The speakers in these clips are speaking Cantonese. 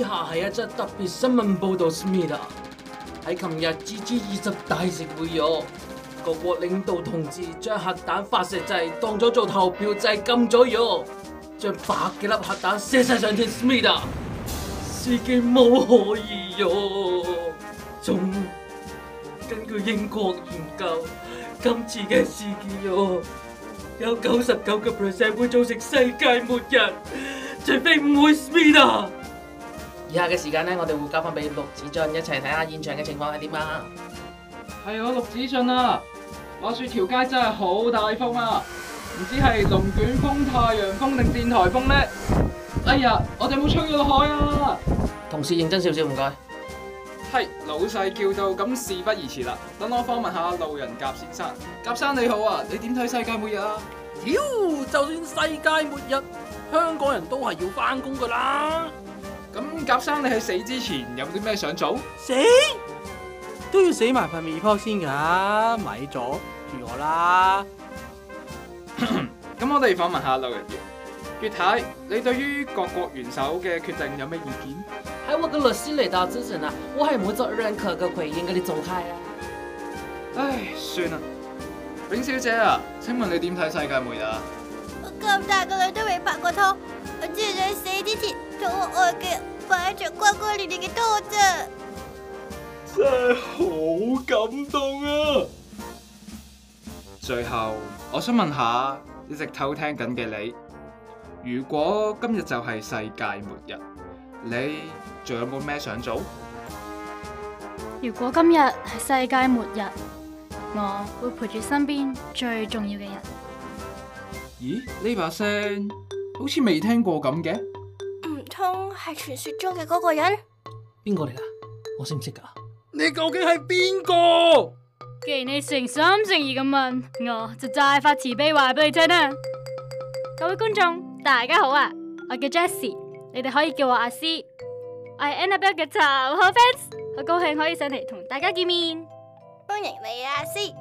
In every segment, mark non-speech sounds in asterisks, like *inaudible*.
以下係一則特別新聞報道，Smida 喺琴日 G20 大食會議，各國領導同志將核彈發射掣當咗做投票掣，撳咗喎，將百幾粒核彈射晒上天，Smida 事件冇可疑喎。仲根據英國研究，今次嘅事件喎有九十九個 percent 會造成世界末日，除非唔會 Smida。以下嘅時間咧，我哋會交翻俾陸子俊一齊睇下現場嘅情況係點啊！係啊，陸子俊啊，話說條街真係好大風啊，唔知係龍捲風、太陽風定電台風咧？哎呀，我哋有冇吹到落海啊？同事認真少少唔該。係老細叫到咁，事不宜遲啦，等我訪問下路人甲先生。甲生你好啊，你點睇世界末日啊？屌，就算世界末日，香港人都係要翻工噶啦。甲生，你喺死之前有啲咩想做？死都要死埋份面波先㗎，啊，咪阻住我啦！咁 *coughs* 我哋要訪問下劉人杰，杰太，你對於各國元首嘅決定有咩意見？喺我嘅律師嚟到之前啊，我係唔會做任何嘅回應，應該你做晒啦。唉，算啦，永小姐啊，請問你點睇世界末日啊？我咁大個女都未拍過拖，我只係你死之前同我愛嘅。擺着轟轟烈烈嘅多啫，真係好感動啊！最後，我想問下一直偷聽緊嘅你，如果今日就係世界末日，你仲有冇咩想做？如果今日係世界末日，我會陪住身邊最重要嘅人。咦？呢把聲好似未聽過咁嘅？我係傳說中嘅嗰個人。邊個嚟噶？我識唔識噶？你究竟係邊個？既然你誠心誠意咁問，我就再發慈悲話俾你聽啦。各位觀眾，大家好啊！我叫 Jessie，你哋可以叫我阿詩。我係 Annabelle 嘅頭號 fans，好高興可以上嚟同大家見面。歡迎你，阿詩，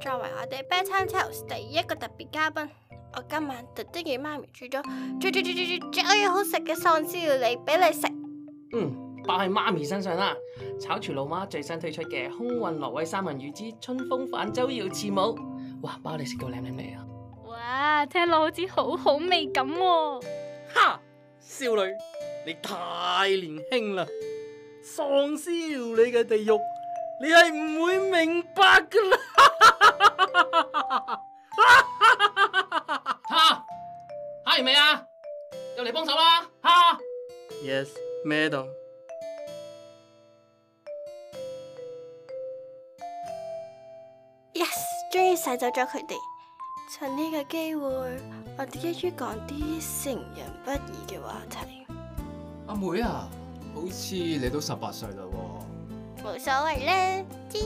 作為我哋《BadTimeTales》第一個特別嘉賓。我今晚特登嘅媽咪煮咗最最最最最最好食嘅喪屍料理俾你食。嗯，包喺媽咪身上啦。炒廚老媽最新推出嘅空運挪威三文魚之春風泛舟搖翅舞，哇，包你食到靚靚味啊！哇，聽落好似好好味咁。哈，少女，你太年輕啦！喪屍料理嘅地獄，你係唔會明白噶啦。 *laughs* 完未啊？又嚟幫手啦，哈！Yes，Madam。Yes，終於、yes, 洗走咗佢哋。趁呢個機會，我哋一於講啲成人不宜嘅話題。阿妹啊，好似你都十八歲啦，冇所謂咧，知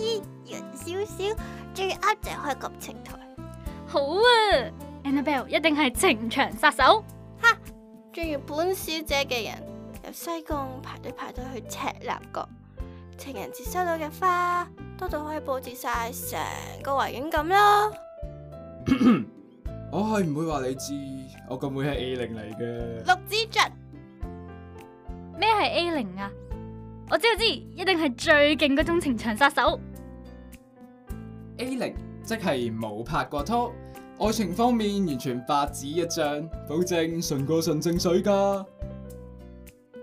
人少少，最啱就開感情台。好啊。Annabelle 一定係情場殺手，哈，中意本小姐嘅人由西貢排隊排隊去赤鱲角。情人節收到嘅花多到可以佈置晒成個圍園咁咯。我係唔會話你知，我個妹係 A 零嚟嘅。六指雀咩係 A 零啊？我知道知，一定係最勁嗰種情場殺手。A 零即係冇拍過拖。愛情方面完全白紙一張，保證純過純淨水噶。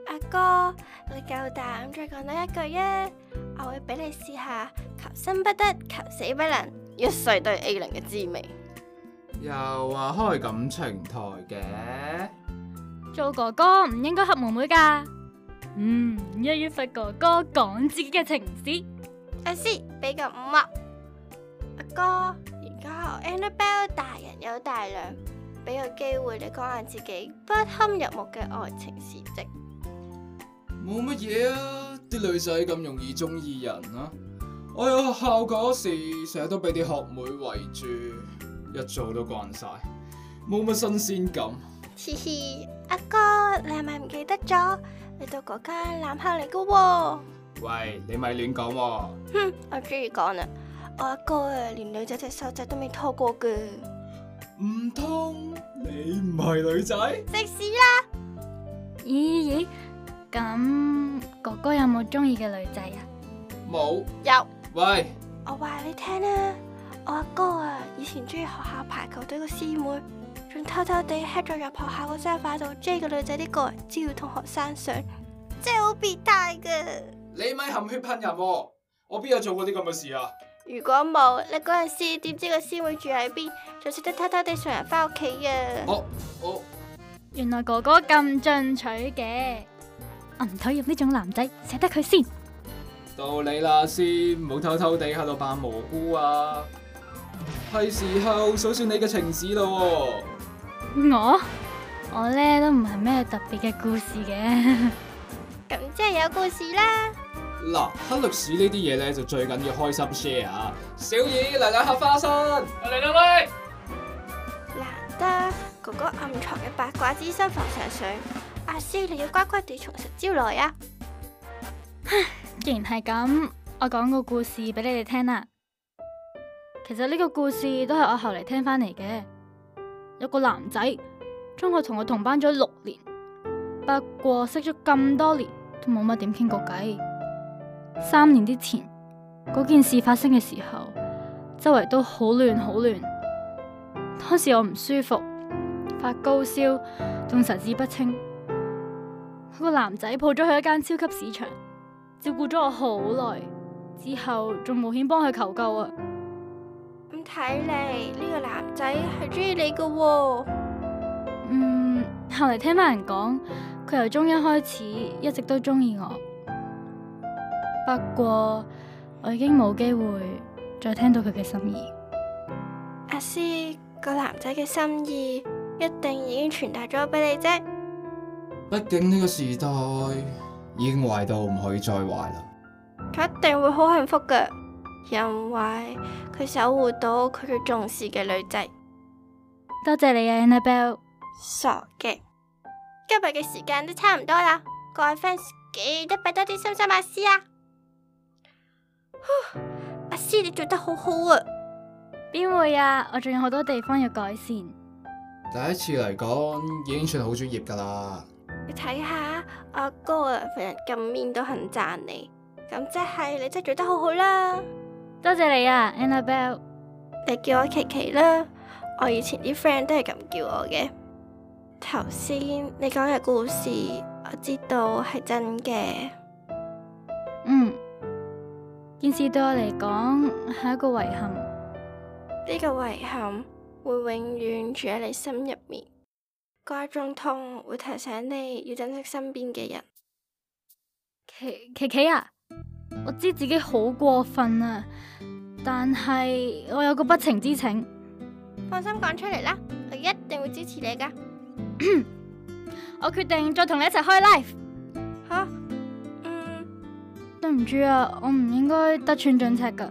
阿哥，你夠膽再講多一句啊？我會俾你試下求生不得，求死不能，要睡對 A 零嘅滋味。又話、啊、開感情台嘅？做哥哥唔應該黑妹妹噶。嗯，一月份哥哥講自己嘅情史。阿師俾個五啊，阿哥。Annabelle 大人有大量，俾個機會你講下自己不堪入目嘅愛情事蹟。冇乜嘢啊，啲女仔咁容易中意人啊！我喺學校嗰時成日都俾啲學妹圍住，一早都慣晒，冇乜新鮮感。嘻嘻，阿哥你係咪唔記得咗？你到嗰間男校嚟㗎喎？喂，你咪亂講喎！哼，我中意講啦！我阿哥啊，連女仔隻手仔都未拖過嘅。唔通你唔係女仔？食屎啦！咦、欸、咦，咁、欸欸、哥哥有冇中意嘅女仔啊？冇有喂？我話你聽啦，我阿哥啊，以前中意學校排球隊個師妹，仲偷偷地吃咗入學校，這個沙發度追個女仔啲個人，要同學訕相，真係好變態嘅。你咪含血噴人，啊，我邊有做過啲咁嘅事啊？如果冇，你嗰陣時點知個師妹住喺邊，就識得偷偷地送人翻屋企啊！哦哦，原來哥哥咁進取嘅，我唔討厭呢種男仔，捨得佢先。到你啦，先唔好偷偷地喺度扮蘑菇啊！係時候數算你嘅情史咯。我我呢都唔係咩特別嘅故事嘅。咁即係有故事啦。嗱，黑歷史呢啲嘢咧就最緊要是開心 share。小二嚟兩下花生，嚟兩杯。難得哥哥暗藏嘅八卦之心浮上水，阿、啊、詩你要乖乖地從實招來啊！ *laughs* 既然係咁，我講個故事俾你哋聽啦。其實呢個故事都係我後嚟聽翻嚟嘅。有個男仔中學同我同班咗六年，不過識咗咁多年都冇乜點傾過偈。三年之前，嗰件事發生嘅時候，周圍都好亂好亂。當時我唔舒服，發高燒，仲神志不清。個男仔抱咗去一間超級市場，照顧咗我好耐，之後仲冒險幫佢求救啊！咁睇嚟呢個男仔係中意你噶喎、啊。嗯，後嚟聽返人講，佢由中一開始一直都中意我。不過我已經冇機會再聽到佢嘅心意。阿師，個男仔嘅心意一定已經傳達咗俾你啫。畢竟呢個時代已經壞到唔可以再壞啦。佢一定會好幸福嘅，因為佢守護到佢最重視嘅女仔。多謝你啊，Annabelle。傻嘅，今日嘅時間都差唔多啦，各位 fans 記得畀多啲心心阿師啊！啊，阿師，你做得好好啊！邊會啊？我仲有好多地方要改善。第一次嚟講已經算好專業噶啦。你睇下阿哥啊，成人咁面都很讚你，咁即係你真係做得好好啦。多謝你啊，Annabelle。你叫我琪琪啦，我以前啲 friend 都係咁叫我嘅。頭先你講嘅故事，我知道係真嘅。件事對我嚟講係一個遺憾，呢、呢個遺憾會永遠住喺你心入面，掛住痛會提醒你要珍惜身邊嘅人。琪琪琪啊，我知自己好過分啊，但係我有個不情之請，放心講出嚟啦，我一定會支持你噶 *coughs* 。我決定再同你一齊開 live 吓？對唔住啊，我唔應該得寸進尺噶。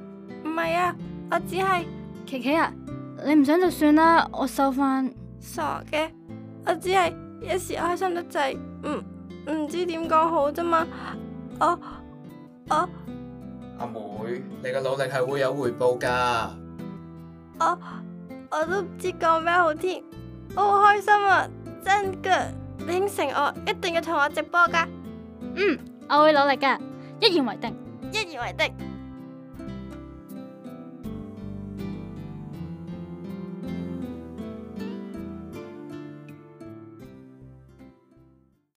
唔係啊，我只係琪琪啊，你唔想就算啦。我收返傻嘅，我只係一時開心得滯，唔、嗯、唔知點講好啫嘛。我我阿妹，你嘅努力係會有回報噶。我我都唔知講咩好添，我好開心啊！真噶，你應承我一定要同我直播噶。嗯，我會努力噶。一言為定，一言為定。